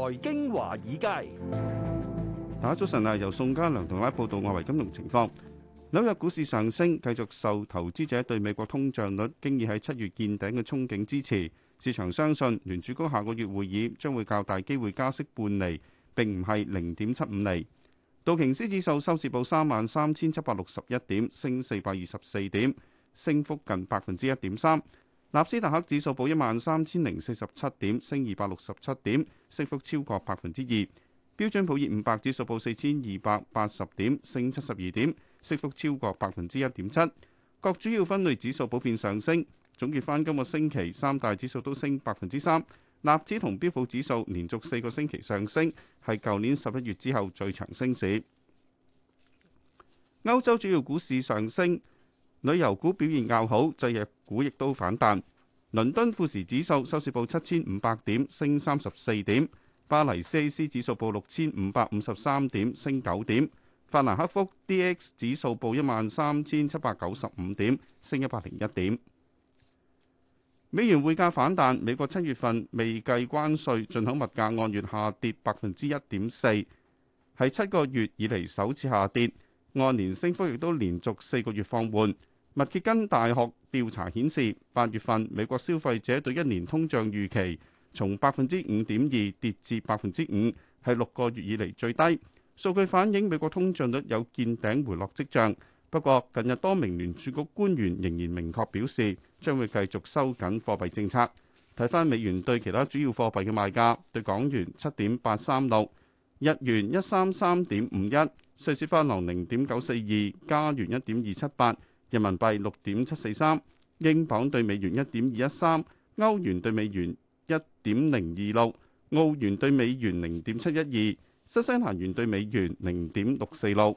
財經華爾街，打早晨啊！由宋家良同我哋報道外圍金融情況。紐約股市上升，繼續受投資者對美國通脹率經已喺七月見頂嘅憧憬支持。市場相信聯儲局下個月會議將會較大機會加息半厘，並唔係零點七五厘。道瓊斯指數收市報三萬三千七百六十一點，升四百二十四點，升幅近百分之一點三。納斯達克指數報一萬三千零四十七點，升二百六十七點，升幅超過百分之二。標準普爾五百指數報四千二百八十點，升七十二點，升幅超過百分之一點七。各主要分類指數普遍上升。總結翻今個星期三大指數都升百分之三，納指同標普指數連續四個星期上升，係舊年十一月之後最長升市。歐洲主要股市上升，旅遊股表現較好，製藥股亦都反彈。倫敦富時指數收市報七千五百點，升三十四點；巴黎 CAC 指數報六千五百五十三點，升九點；法蘭克福 DAX 指數報一萬三千七百九十五點，升一百零一點。美元匯價反彈，美國七月份未計關稅進口物價按月下跌百分之一點四，係七個月以嚟首次下跌，按年升幅亦都連續四個月放緩。密歇根大學調查顯示，八月份美國消費者對一年通脹預期從百分之五點二跌至百分之五，係六個月以嚟最低數據，反映美國通脹率有見頂回落跡象。不過，近日多名聯儲局官員仍然明確表示，將會繼續收緊貨幣政策。睇返美元對其他主要貨幣嘅賣價，對港元七點八三六，日元一三三點五一，瑞士法郎零點九四二，加元一點二七八。人民幣六點七四三，英鎊對美元一點二一三，歐元對美元一點零二六，澳元對美元零點七一二，新西蘭元對美元零點六四六。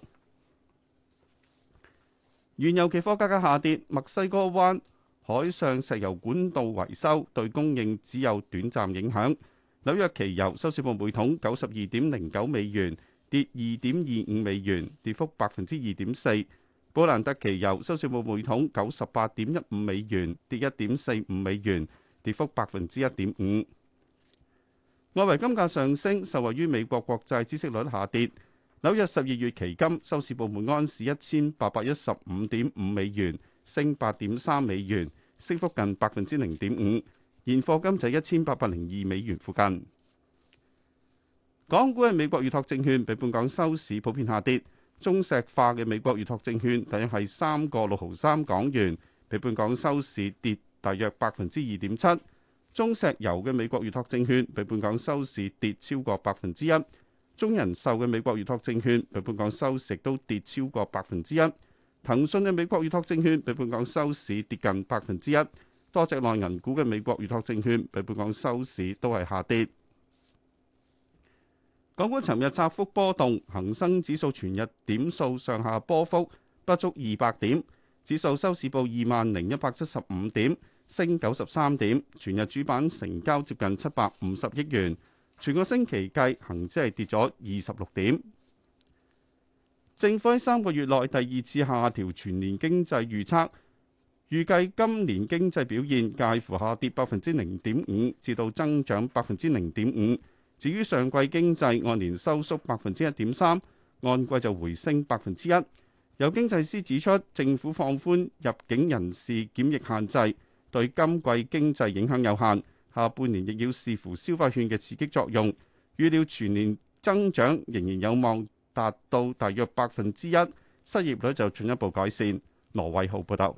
原油期貨價格下跌，墨西哥灣海上石油管道維修對供應只有短暫影響。紐約期油收市報每桶九十二點零九美元，跌二點二五美元，跌幅百分之二點四。布蘭特期油收市報每桶九十八點一五美元，跌一點四五美元，跌幅百分之一點五。外圍金價上升，受惠於美國國債孳息率下跌。紐約十二月期金收市報每安士一千八百一十五點五美元，升八點三美元，升幅近百分之零點五。現貨金就一千八百零二美元附近。港股嘅美國預託證券比本港收市普遍下跌。中石化嘅美國預託證券大約係三個六毫三港元，比本港收市跌大約百分之二點七。中石油嘅美國預託證券比本港收市跌超過百分之一。中人壽嘅美國預託證券比本港收市都跌超過百分之一。騰訊嘅美國預託證券比本港收市跌近百分之一。多隻內銀股嘅美國預託證券比本港收市都係下跌。港股尋日窄幅波動，恒生指數全日點數上下波幅不足二百點，指數收市報二萬零一百七十五點，升九十三點。全日主板成交接近七百五十億元。全個星期計，恒指係跌咗二十六點。政府喺三個月內第二次下調全年經濟預測，預計今年經濟表現介乎下跌百分之零點五至到增長百分之零點五。至於上季經濟按年收縮百分之一點三，按季就回升百分之一。有經濟師指出，政府放寬入境人士檢疫限制，對今季經濟影響有限。下半年亦要視乎消費券嘅刺激作用，預料全年增長仍然有望達到大約百分之一，失業率就進一步改善。羅偉浩報道。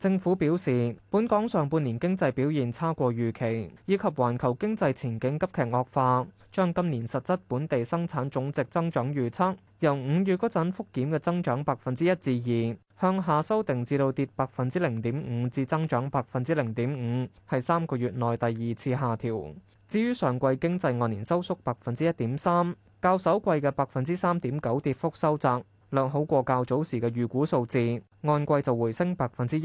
政府表示，本港上半年經濟表現差過預期，以及環球經濟前景急劇惡化。將今年實質本地生產總值增長預測，由五月嗰陣復檢嘅增長百分之一至二向下修訂至到跌百分之零點五至增長百分之零點五，係三個月內第二次下調。至於上季經濟按年收縮百分之一點三，較首季嘅百分之三點九跌幅收窄，略好過較早時嘅預估數字。按季就回升百分之一。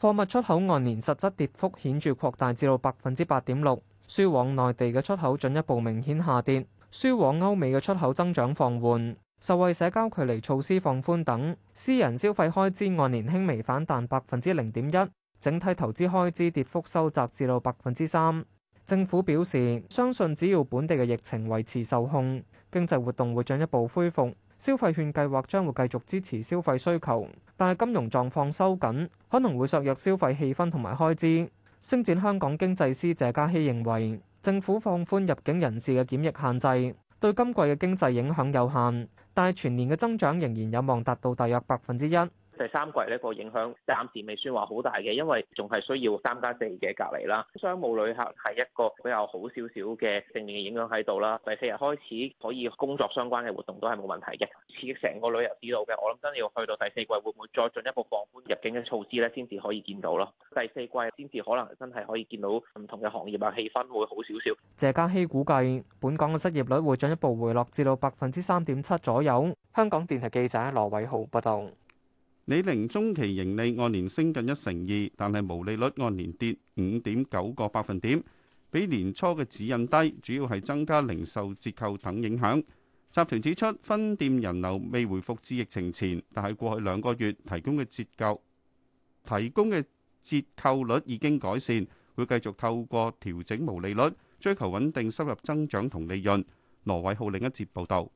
貨物出口按年實質跌幅顯著擴大至到百分之八點六。輸往內地嘅出口進一步明顯下跌，輸往歐美嘅出口增長放緩，受惠社交距離措施放寬等，私人消費開支按年輕微反彈百分之零點一，整體投資開支跌幅收窄至到百分之三。政府表示，相信只要本地嘅疫情維持受控，經濟活動會進一步恢復，消費券計劃將會繼續支持消費需求，但係金融狀況收緊，可能會削弱消費氣氛同埋開支。星展香港經濟師謝嘉熙認為，政府放寬入境人士嘅檢疫限制，對今季嘅經濟影響有限，但係全年嘅增長仍然有望達到大約百分之一。第三季呢個影響暫時未算話好大嘅，因為仲係需要三加四嘅隔離啦。商務旅客係一個比較好少少嘅正面嘅影響喺度啦。第四日開始可以工作相關嘅活動都係冇問題嘅，刺激成個旅遊指導嘅。我諗真係要去到第四季，會唔會再進一步放寬入境嘅措施咧？先至可以見到咯。第四季先至可能真係可以見到唔同嘅行業啊，氣氛會好少少。謝家熙估計本港嘅失業率會進一步回落至到百分之三點七左右。香港電台記者羅偉豪報道。李寧中期盈利按年升近一成二，但係毛利率按年跌五點九個百分點，比年初嘅指引低，主要係增加零售折扣等影響。集團指出，分店人流未回復至疫情前，但係過去兩個月提供嘅折扣提供嘅折扣率已經改善，會繼續透過調整毛利率，追求穩定收入增長同利潤。羅偉浩另一節報道。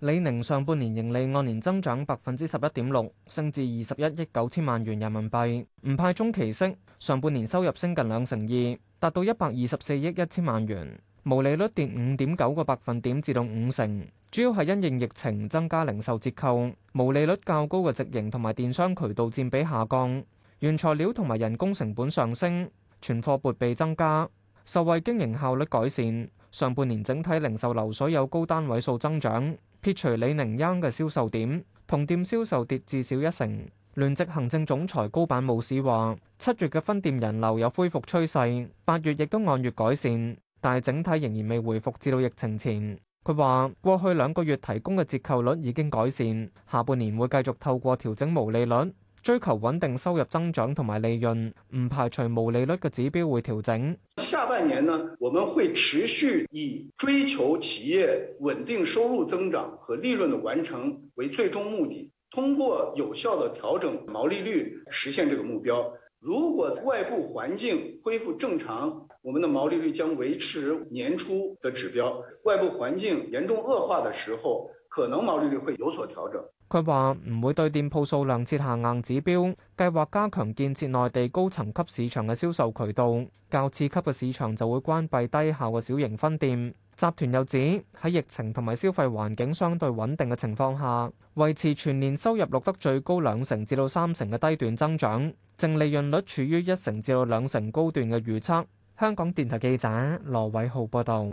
李寧上半年盈利按年增長百分之十一點六，升至二十一億九千萬元人民幣，唔派中期息。上半年收入升近兩成二，達到一百二十四億一千萬元，毛利率跌五點九個百分點至到五成，主要係因應疫情增加零售折扣，毛利率較高嘅直營同埋電商渠道占比下降，原材料同埋人工成本上升，存貨撥備增加，受惠經營效率改善。上半年整體零售流水有高單位數增長。撇除李寧央嘅銷售點，同店銷售跌至少一成。聯席行政總裁高板武史話：七月嘅分店人流有恢復趨勢，八月亦都按月改善，但係整體仍然未回復至到疫情前。佢話：過去兩個月提供嘅折扣率已經改善，下半年會繼續透過調整毛利率。追求穩定收入增長同埋利潤，唔排除毛利率嘅指標會調整。下半年呢，我們會持續以追求企業穩定收入增長和利潤的完成為最終目的，通過有效的調整毛利率實現這個目標。如果外部環境恢復正常，我們的毛利率將維持年初的指標。外部環境嚴重惡化的時候，可能毛利率會有所調整。佢話唔會對店鋪數量設下硬指標，計劃加強建設內地高層級市場嘅銷售渠道。較次級嘅市場就會關閉低效嘅小型分店。集團又指喺疫情同埋消費環境相對穩定嘅情況下，維持全年收入錄得最高兩成至到三成嘅低段增長，淨利潤率處於一成至到兩成高段嘅預測。香港電台記者羅偉浩報道。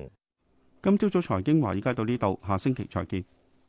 今朝早財經華爾街到呢度，下星期再見。